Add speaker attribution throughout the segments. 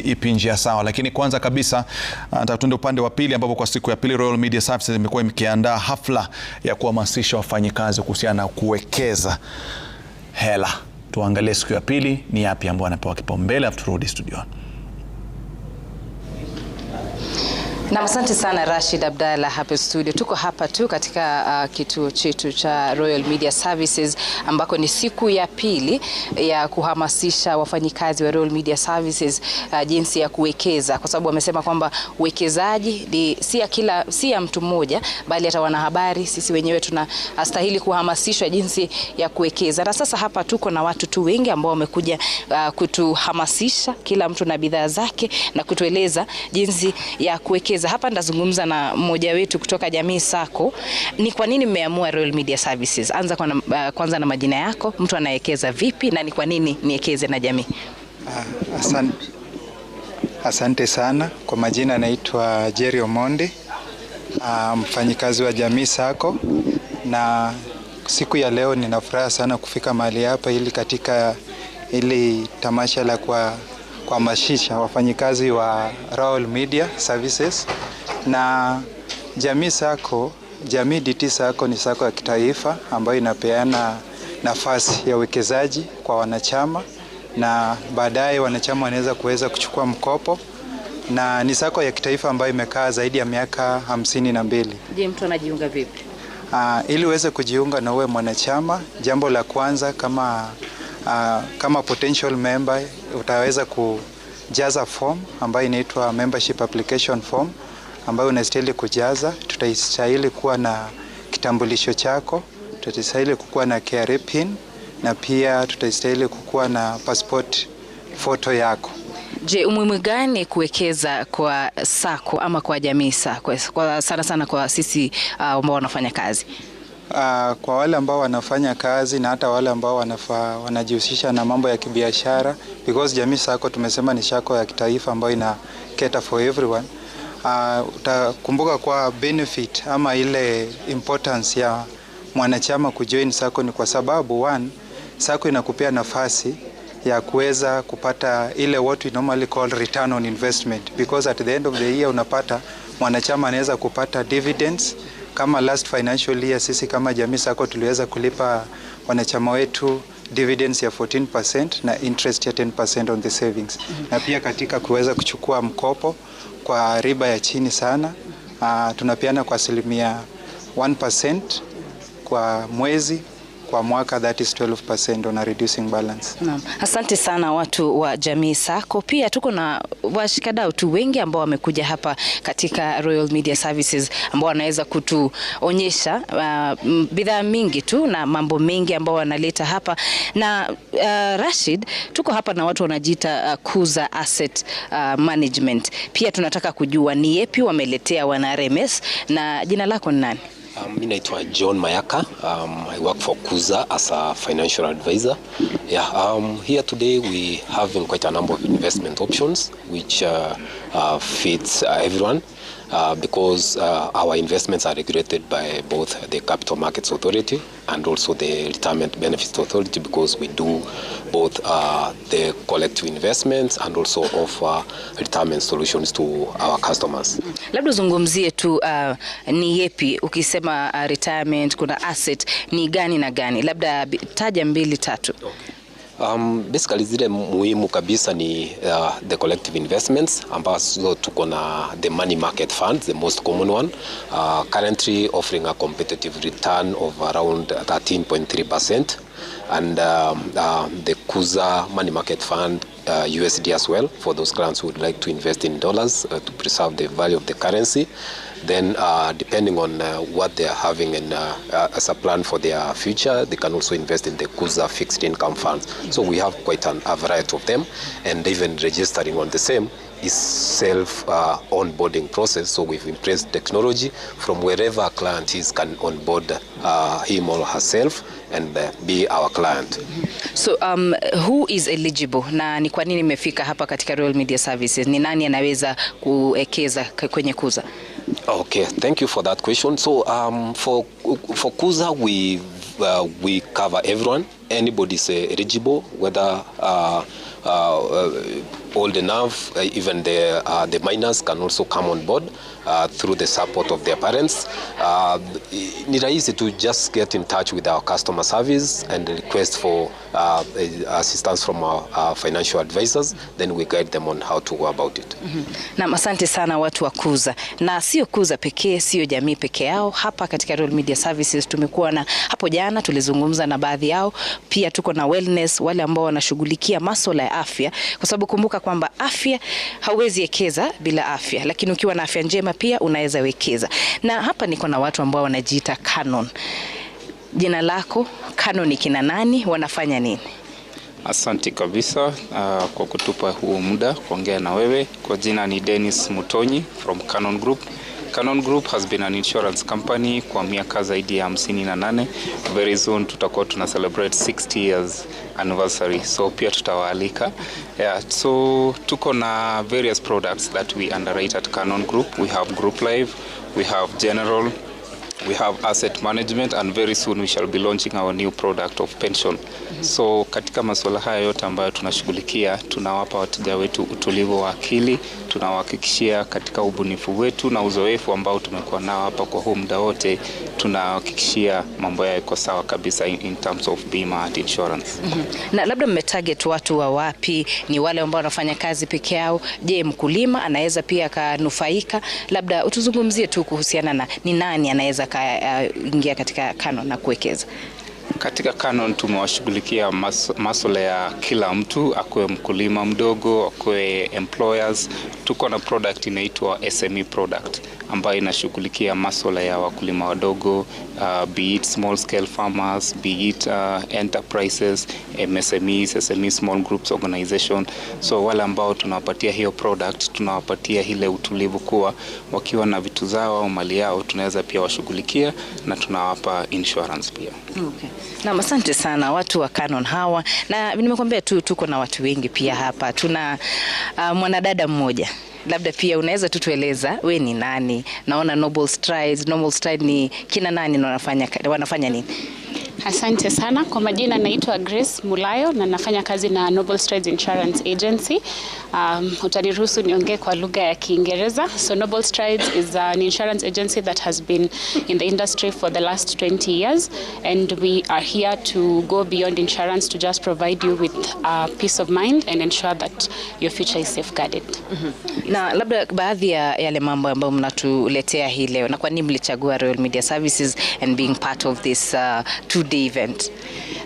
Speaker 1: ipi njia sawa. Lakini kwanza kabisa uh, tuende upande wa pili, ambapo kwa siku ya pili Royal Media Services imekuwa ikiandaa hafla ya kuhamasisha wafanyikazi kuhusiana na kuwekeza hela. Tuangalie siku ya pili ni yapi ambayo anapewa kipaumbele, afu turudi studioni.
Speaker 2: Na asante sana Rashid Abdalla hapa studio. Tuko hapa tu katika uh, kituo chetu cha Royal Media Services ambako ni siku ya pili eh, ya kuhamasisha wafanyikazi wa Royal Media Services uh, jinsi ya kuwekeza kwa sababu wamesema kwamba uwekezaji ni si ya kila si ya mtu mmoja bali hata wanahabari sisi wenyewe tunastahili uh, kuhamasishwa jinsi ya kuwekeza. Na sasa hapa tuko na watu tu wengi ambao wamekuja uh, kutuhamasisha kila mtu na bidhaa zake na kutueleza jinsi ya kuwekeza kueleza hapa. Ndazungumza na mmoja wetu kutoka Jamii Sako. Ni kwa nini mmeamua Royal Media Services? Anza kwa na, uh, kwanza na majina yako, mtu anawekeza vipi na ni kwa nini niekeze na jamii?
Speaker 3: Ah, asante. Asante sana kwa majina, anaitwa Jerry Omondi, ah, mfanyikazi wa Jamii Sacco, na siku ya leo nina furaha sana kufika mahali hapa ili katika ili tamasha la kwa kuhamasisha wafanyikazi wa Rural Media Services na Jamii Sacco. Jamii DT Sacco ni sacco ya kitaifa ambayo inapeana nafasi ya uwekezaji kwa wanachama na baadaye wanachama wanaweza kuweza kuchukua mkopo na ni sako ya kitaifa ambayo imekaa zaidi ya miaka hamsini na mbili.
Speaker 2: Je, mtu anajiunga vipi?
Speaker 3: Uh, ili uweze kujiunga na uwe mwanachama, jambo la kwanza kama Uh, kama potential member utaweza kujaza form ambayo inaitwa membership application form ambayo unastahili kujaza. Tutastahili kuwa na kitambulisho chako, tutastahili kukuwa na KRA pin na pia tutastahili kukuwa na passport photo yako.
Speaker 2: Je, umuhimu gani kuwekeza kwa sako ama kwa jamii sako, kwa sana sana kwa sisi ah, ambao uh, wanafanya kazi
Speaker 3: Uh, kwa wale ambao wanafanya kazi na hata wale ambao wanajihusisha na mambo ya kibiashara because Jamii Sacco tumesema ni shako ya kitaifa ambayo ina cater for everyone. Uh, utakumbuka kwa benefit ama ile importance ya mwanachama kujoin sacco ni kwa sababu one, sacco inakupea nafasi ya kuweza kupata ile what we normally call return on investment because at the end of the year unapata mwanachama anaweza kupata dividends kama last financial year sisi kama Jamii Sacco tuliweza kulipa wanachama wetu dividends ya 14% na interest ya 10% on the savings, na pia katika kuweza kuchukua mkopo kwa riba ya chini sana uh, tunapeana kwa asilimia 1% kwa mwezi kwa mwaka that is 12% on a reducing balance.
Speaker 2: Naam. Asante sana watu wa Jamii Sacco. Pia tuko na washikadau tu wengi ambao wamekuja hapa katika Royal Media Services ambao wanaweza kutuonyesha uh, bidhaa mingi tu na mambo mengi ambao wanaleta hapa na uh, Rashid, tuko hapa na watu wanajiita uh, Kuza Asset uh, Management. Pia tunataka kujua ni yepi wameletea wana RMS na jina lako ni nani?
Speaker 4: Um, mi naitwa John Mayaka. Um, I work for Kuza as a financial advisor. Yeah, um, here today we have quite a number of investment options which uh, uh, fits uh, everyone uh, because uh, our investments are regulated by both the Capital Markets Authority and also the Retirement Benefits Authority because we do both uh, the collective investments and also offer retirement solutions to our customers.
Speaker 2: Labda uzungumzie tu uh, ni yepi ukisema uh, retirement kuna asset ni gani na gani? Labda taja mbili tatu. Okay.
Speaker 4: Um, basically zile muhimu kabisa ni uh, the collective investments ambazo tuko na the money market funds, the most common one uh, currently offering a competitive return of around 13.3% and um, uh, the Kuza money market fund uh, USD as well for those clients who would like to invest in dollars uh, to preserve the value of the currency. Then, uh, depending on uh, what they are having in, uh, uh, as a plan for their future, they can also invest in the Kuza fixed income funds. So we have quite an, a variety of them, and even registering on the same is self uh, onboarding process. So we've embraced technology from wherever a client is can onboard uh, him or herself and uh, be our client.
Speaker 2: So um, who is eligible na ni kwa nini imefika hapa katika Royal Media Services? Ni nani anaweza kuwekeza kwenye Kuza?
Speaker 4: Okay, thank you for that question. So um, for for Kuza, we uh, we cover everyone anybody is uh, eligible, whether uh, uh, old enough, uh, even the, uh, the minors can also come on board uh, through the support of their parents. Uh, Ni rahisi to just get in touch with our customer service and request for uh, assistance from our financial advisors, then we guide them on how to go about it. Mm
Speaker 2: -hmm. Na asante sana watu wa Kuza, na sio Kuza pekee, sio jamii peke yao. Hapa katika Royal Media Services tumekuwa na, hapo jana tulizungumza na baadhi yao pia tuko na wellness, wale ambao wanashughulikia masuala ya afya, kwa sababu kumbuka kwamba afya hauwezi ekeza bila afya, lakini ukiwa na afya njema pia unaweza wekeza. Na hapa niko na watu ambao wanajiita Canon. Jina lako Canon ni kina nani? Wanafanya nini?
Speaker 5: Asante kabisa uh, kwa kutupa huu muda kuongea na wewe. Kwa jina ni Dennis Mutonyi from Canon Group. Canon Group has been an insurance company kwa miaka zaidi ya 58. Very soon tutakuwa tuna celebrate 60 years anniversary, so pia tutawaalika. Yeah, so tuko na various products that we underwrite at Canon Group. We have group life, we have general we have asset management and very soon we shall be launching our new product of pension. Mm -hmm. So katika masuala haya yote ambayo tunashughulikia, tunawapa wateja wetu utulivu wa akili tunawahakikishia katika ubunifu wetu na uzoefu ambao tumekuwa nao hapa kwa huu muda wote, tunawahakikishia mambo yao iko sawa kabisa in, in terms of bima and insurance. Mm
Speaker 2: -hmm. Na labda mmetarget watu wa wapi? Ni wale ambao wanafanya kazi peke yao? Je, mkulima anaweza pia akanufaika? Labda utuzungumzie tu kuhusiana na ni nani anaweza akaingia uh, katika Kano na kuwekeza.
Speaker 5: Katika Canon tumewashughulikia masuala ya kila mtu, akuwe mkulima mdogo, akuwe employers. Tuko na product inaitwa SME product ambayo inashughulikia masuala ya wakulima wadogo uh, be it small scale farmers, be it uh, enterprises, MSMEs, SME small groups organization. So wale ambao tunawapatia hiyo product, tunawapatia ile utulivu kuwa wakiwa na vitu zao au mali yao tunaweza pia washughulikia na tunawapa insurance pia. Okay.
Speaker 2: Na asante sana watu wa Canon hawa, na nimekuambia tu tuko na watu wengi pia hapa. Tuna uh, mwanadada mmoja labda pia unaweza tu tueleza we ni nani? Naona Noble Strides, Noble Stride ni kina nani na wanafanya, wanafanya nini?
Speaker 6: Asante sana kwa majina, naitwa Grace Mulayo na nafanya kazi na Noble Strides Insurance Agency. Um, utaniruhusu niongee kwa lugha ya Kiingereza. So Noble Strides is an insurance agency that has been in the industry for the last 20 years and we are here to go beyond insurance to just provide you with a uh, peace of mind and ensure that your future is safeguarded. Mm -hmm.
Speaker 2: Yes. Na labda baadhi ya yale mambo ambayo mnatuletea hii leo na kwa nini mlichagua Royal Media Services and being part of this uh, two the event.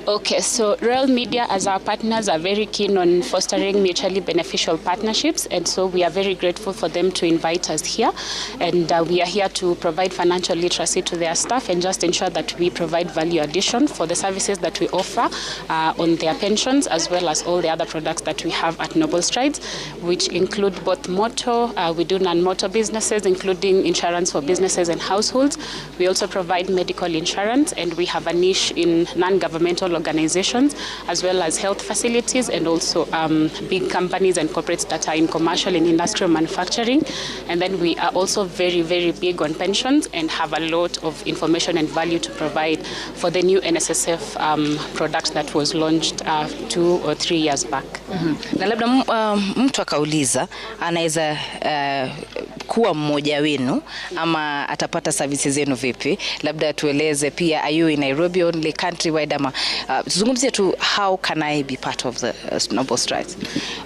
Speaker 6: Okay, so Real Media as our partners are very keen on fostering mutually beneficial partnerships, and so we are very grateful for them to invite us here. And uh, we are here to provide financial literacy to their staff and just ensure that we provide value addition for the services that we offer uh, on their pensions as well as all the other products that we have at Noble Strides, which include both motor, uh, we do non motor businesses, including insurance for businesses and households. We also provide medical insurance, and we have a niche in non governmental social organizations as well as health facilities and also um, big companies and corporates that are in commercial and industrial manufacturing. And then we are also very, very big on pensions and have a lot of information and value to provide for the new NSSF um, product that was launched uh, two or three years back. Mm -hmm.
Speaker 2: Na labda uh, mtu um, akauliza anaweza uh, kuwa mmoja wenu ama atapata services zenu vipi? Labda tueleze pia, are you in Nairobi only country wide ama uh, zungumzia tu how can I be part of the uh, Snowball Strides?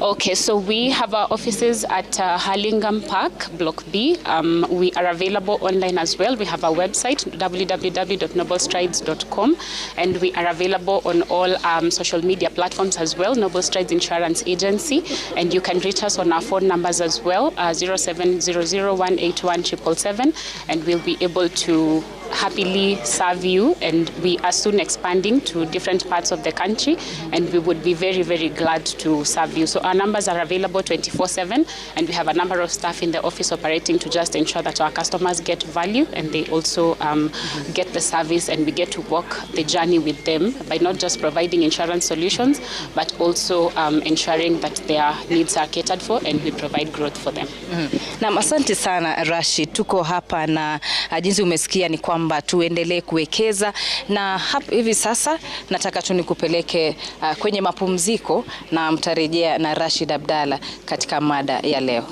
Speaker 6: Okay, so we have our offices at uh, Hurlingham Park Block B. Um, we are available online as well. We have our website www.noblestrides.com and we are available on all um, social media platforms as well, Noble Strides Insurance Agency, and you can reach us on our phone numbers as well, uh, 0700 0181777 and we'll be able to happily serve you and we are soon expanding to different parts of the country and we would be very very glad to serve you so our numbers are available 24/7 and we have a number of staff in the office operating to just ensure that our customers get value and they also um, get the service and we get to walk the journey with them by not just providing insurance solutions but also um, ensuring that their needs are catered for and we provide growth for them. Mm.
Speaker 2: -hmm. Na asante sana Rashid, tuko hapa na uh, jinsi umesikia ni kwa kwamba tuendelee kuwekeza na hap, hivi sasa nataka tu nikupeleke uh, kwenye mapumziko na mtarejea na Rashid Abdalla katika mada ya leo.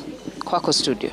Speaker 2: Kwako studio.